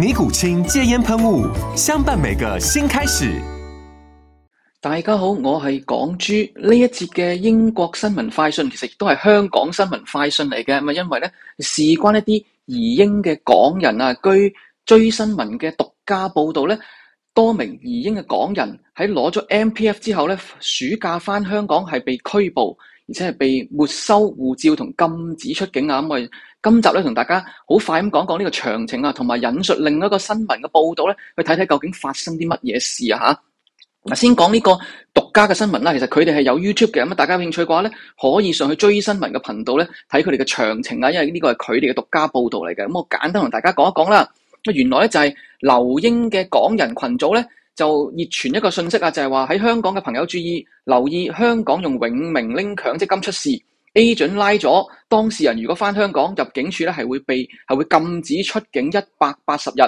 尼古清戒煙噴霧，相伴每個新開始。大家好，我係港豬，呢一節嘅英國新聞快訊，其實亦都係香港新聞快訊嚟嘅，咁啊，因為咧事關一啲移英嘅港人啊，據追新聞嘅獨家報道咧，多名移英嘅港人喺攞咗 MPF 之後咧，暑假翻香港係被拘捕。而且係被沒收護照同禁止出境啊！咁我哋今集咧同大家好快咁講講呢個詳情啊，同埋引述另一個新聞嘅報導咧，去睇睇究竟發生啲乜嘢事啊！嚇，先講呢個獨家嘅新聞啦。其實佢哋係有 YouTube 嘅，咁啊大家有興趣嘅話咧，可以上去追新聞嘅頻道咧，睇佢哋嘅詳情啊。因為呢個係佢哋嘅獨家報導嚟嘅。咁我簡單同大家講一講啦。咁原來咧就係留英嘅港人群組咧。就熱傳一個訊息啊，就係話喺香港嘅朋友注意留意，香港用永明拎強積金出事，A 準拉咗當事人。如果返香港入境處咧，係會被係會禁止出境一百八十日。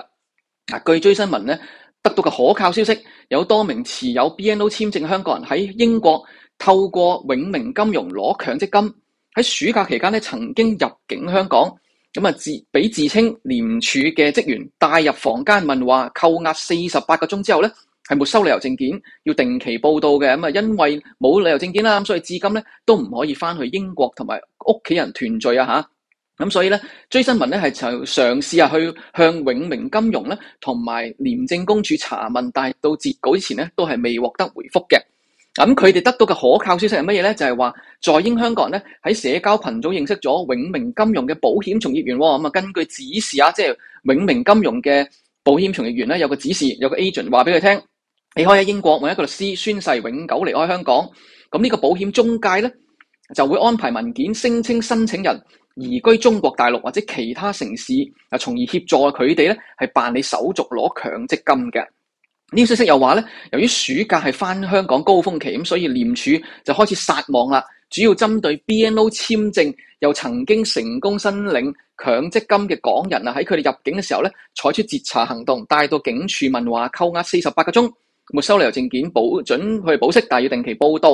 據追新聞咧得到嘅可靠消息，有多名持有 BNO 簽證香港人喺英國透過永明金融攞強積金，喺暑假期間咧曾經入境香港。咁自俾自稱廉署嘅職員帶入房間問話，扣押四十八個鐘之後呢，係沒收旅遊證件，要定期報到嘅，因為冇旅遊證件啦，所以至今呢都唔可以返去英國同埋屋企人團聚啊！嚇咁，所以呢，追新聞呢係就嘗試下去向永明金融呢同埋廉政公署查問，但係到截稿之前呢，都係未獲得回覆嘅。咁佢哋得到嘅可靠消息係乜嘢咧？就係、是、話在英香港人咧喺社交群組認識咗永明金融嘅保險從業員、哦、咁、嗯、啊，根據指示啊，即係永明金融嘅保險從業員咧有個指示，有個 agent 話俾佢聽，你可以喺英國揾一個律師宣誓永久離開香港，咁呢個保險中介咧就會安排文件聲稱申請人移居中國大陸或者其他城市，啊，從而協助佢哋咧係辦理手續攞強積金嘅。呢個消息又話咧，由於暑假係返香港高峰期，咁所以廉署就開始撒網啦，主要針對 BNO 簽證又曾經成功申領強積金嘅港人啊，喺佢哋入境嘅時候咧，採取截查行動，帶到警署問話，扣押四十八個鐘，沒收旅遊證件保，保準佢哋保釋，但要定期報到。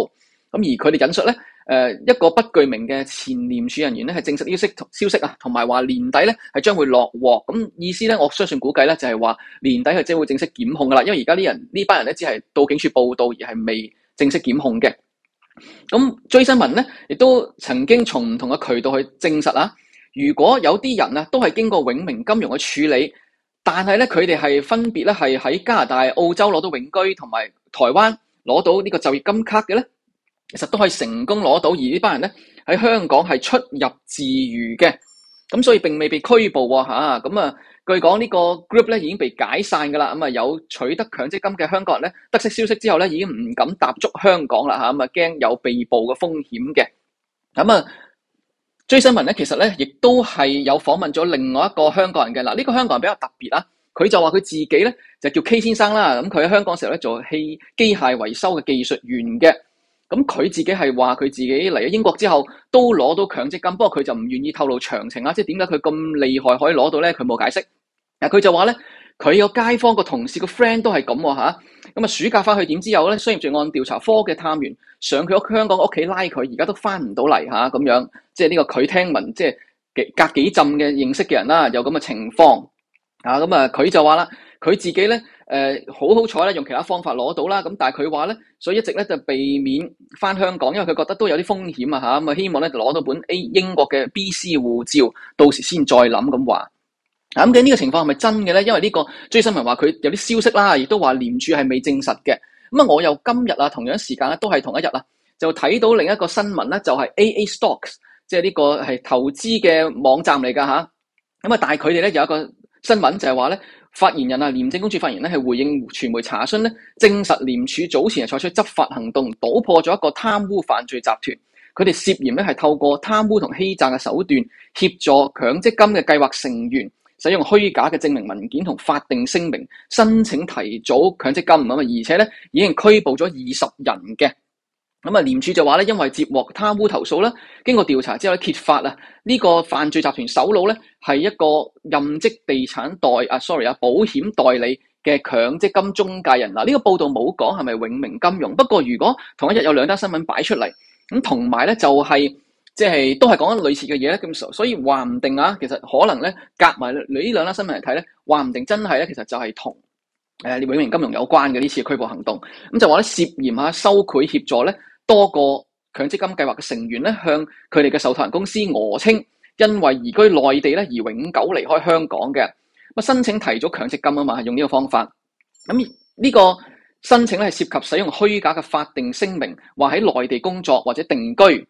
咁而佢哋引述咧。誒、呃、一個不具名嘅前廉署人員咧，係證實消息消息啊，同埋話年底咧係將會落鑊。咁意思咧，我相信估計咧就係、是、話年底係將會正式檢控㗎喇。因為而家啲人呢班人咧只係到警署報到，而係未正式檢控嘅。咁追新聞咧，亦都曾經從唔同嘅渠道去證實啦、啊。如果有啲人啊，都係經過永明金融嘅處理，但係咧佢哋係分別咧係喺加拿大、澳洲攞到永居，同埋台灣攞到呢個就業金卡嘅咧。其實都可以成功攞到，而呢班人咧喺香港係出入自如嘅，咁所以並未被拘捕喎嚇。咁啊，啊，據講呢個 group 咧已經被解散噶啦，咁啊有取得強積金嘅香港人咧，得悉消息之後咧，已經唔敢踏足香港啦吓，咁啊驚有被捕嘅風險嘅。咁啊追、啊、新聞咧，其實咧亦都係有訪問咗另外一個香港人嘅。嗱、啊，呢、這個香港人比較特別啦，佢就話佢自己咧就叫 K 先生啦。咁佢喺香港嘅時候咧做汽機械維修嘅技術員嘅。咁佢自己係話佢自己嚟咗英國之後都攞到強積金，不過佢就唔願意透露詳情啊！即係點解佢咁厲害可以攞到咧？佢冇解釋。嗱，佢就話咧，佢有街坊個同事個 friend 都係咁喎，咁啊，啊暑假翻去點之後咧？商業罪案調查科嘅探員上佢屋香港屋企拉佢，而家都翻唔到嚟吓，咁、啊啊、樣。即係呢個佢聽聞，即係隔幾陣嘅認識嘅人啦、啊，有咁嘅情況啊。咁啊佢就話啦。佢自己咧，誒好好彩咧，用其他方法攞到啦。咁但係佢話咧，所以一直咧就避免返香港，因為佢覺得都有啲風險啊吓，咁啊，希望咧就攞到本 A 英國嘅 BNO 護照，到時先再諗咁話。咁嘅呢個情況係咪真嘅咧？因為呢個追新聞話佢有啲消息啦，亦都話廉署係未證實嘅。咁啊，我又今日啊同樣時間咧、啊、都係同一日啦、啊、就睇到另一個新聞咧、啊，就係、是、A.A. Stocks，即係呢個係投資嘅網站嚟㗎吓，咁啊，但係佢哋咧有一個新聞就係話咧。發言人啊，廉政公署發言人咧係回應傳媒查詢呢，證實廉署早前係採取執法行動，搗破咗一個貪污犯罪集團，佢哋涉嫌呢係透過貪污同欺詐嘅手段，協助強積金嘅計劃成員使用虛假嘅證明文件同法定聲明，申請提早強積金啊嘛，而且呢，已經拘捕咗二十人嘅。咁啊，廉署就話咧，因為接獲貪污投訴啦，經過調查之後咧揭發啦呢個犯罪集團首腦咧係一個任職地產代啊，sorry 啊，Sorry, 保險代理嘅強積金中介人嗱，呢個報道冇講係咪永明金融，不過如果同一日有兩單新聞擺出嚟，咁同埋咧就係即係都係講緊類似嘅嘢咧，咁所以話唔定啊，其實可能咧夾埋你呢兩單新聞嚟睇咧，話唔定真係咧其實就係同。誒、嗯，李永明金融有關嘅呢次嘅拘捕行動，咁就話咧涉嫌啊收賄協助咧多個強積金計劃嘅成員咧向佢哋嘅受託人公司訛稱，因為移居內地咧而永久離開香港嘅，咁申請提早強積金啊嘛，用呢個方法，咁呢個申請咧係涉及使用虛假嘅法定聲明，話喺內地工作或者定居。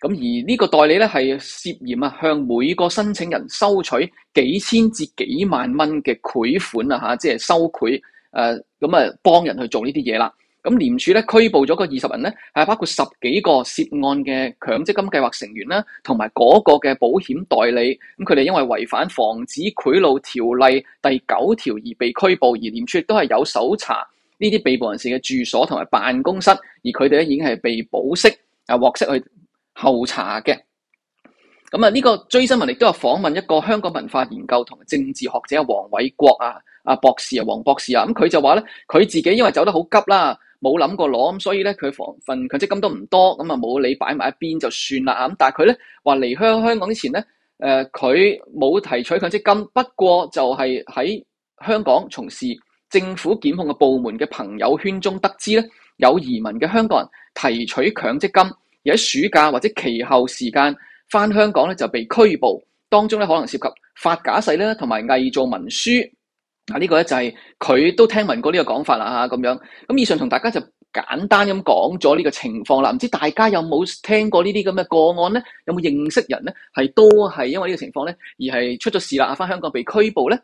咁而呢個代理咧係涉嫌啊，向每個申請人收取幾千至幾萬蚊嘅賄款啊，嚇，即係收賄，誒，咁啊幫人去做呢啲嘢啦。咁、嗯、廉署咧拘捕咗個二十人咧，係包括十幾個涉案嘅強積金計劃成員啦，同埋嗰個嘅保險代理。咁佢哋因為違反防止賄賂條例第九條而被拘捕，而廉署亦都係有搜查呢啲被捕人士嘅住所同埋辦公室，而佢哋咧已經係被保釋啊獲釋去。後查嘅，咁啊呢個追新聞亦都有訪問一個香港文化研究同政治學者黃偉國啊，阿、啊、博士啊，黃博士啊，咁、嗯、佢就話咧，佢自己因為走得好急啦，冇諗過攞，咁所以咧佢房份強積金都唔多，咁啊冇理擺埋一邊就算啦啊，咁、嗯、但係佢咧話離開香港之前咧，誒佢冇提取強積金，不過就係喺香港從事政府檢控嘅部門嘅朋友圈中得知咧，有移民嘅香港人提取強積金。而喺暑假或者其後時間翻香港咧，就被拘捕，當中咧可能涉及發假誓啦，同埋偽造文書啊，呢個咧就係佢都聽聞過呢個講法啦，咁樣咁以上同大家就簡單咁講咗呢個情況啦，唔知大家有冇聽過呢啲咁嘅個案咧，有冇認識人咧，係都係因為呢個情況咧而係出咗事啦，翻香港被拘捕咧，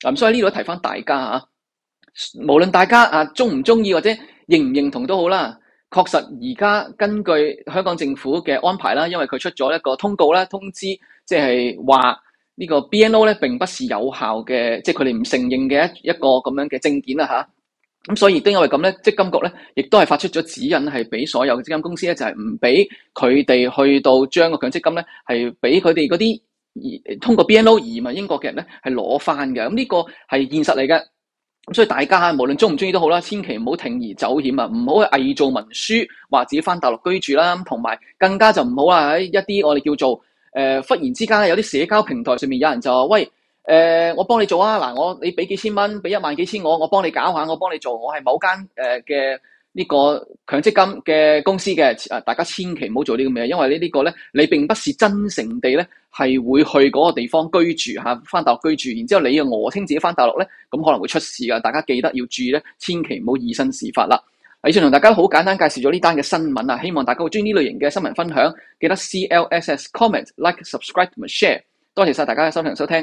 咁所以呢度都提翻大家吓，無論大家啊鍾唔鍾意或者認唔認同都好啦。確實，而家根據香港政府嘅安排啦，因為佢出咗一個通告啦，通知，即係話呢個 BNO 咧並不是有效嘅，即係佢哋唔承認嘅一一個咁樣嘅證件啦吓，咁所以都因為咁咧，積金局咧亦都係發出咗指引，係俾所有嘅基金公司咧，就係唔俾佢哋去到將個強積金咧係俾佢哋嗰啲，是給他們通過 BNO 移民英國嘅人咧係攞翻嘅。咁呢、這個係現實嚟嘅。所以大家無無論中唔中意都好啦，千祈唔好鋌而走險啊！唔好偽造文書，或者返翻大陸居住啦，同埋更加就唔好啦喺一啲我哋叫做誒、呃、忽然之間有啲社交平台上面有人就話：喂，誒、呃、我幫你做啊！嗱，我你俾幾千蚊，俾一萬幾千我，我我幫你搞下，我幫你做，我係某間誒嘅。呃呢、這個強積金嘅公司嘅，誒大家千祈唔好做呢個咩，因為呢呢個咧，你並不是真誠地咧係會去個地方居住吓，返大陸居住，然之後你又訛稱自己返大陸咧，咁可能會出事噶，大家記得要注意咧，千祈唔好以身試法啦。以上同大家都好簡單介紹咗呢單嘅新聞啊，希望大家會中意呢類型嘅新聞分享，記得 C L S S comment like subscribe and share，多謝晒大家嘅收聽收聽。收聽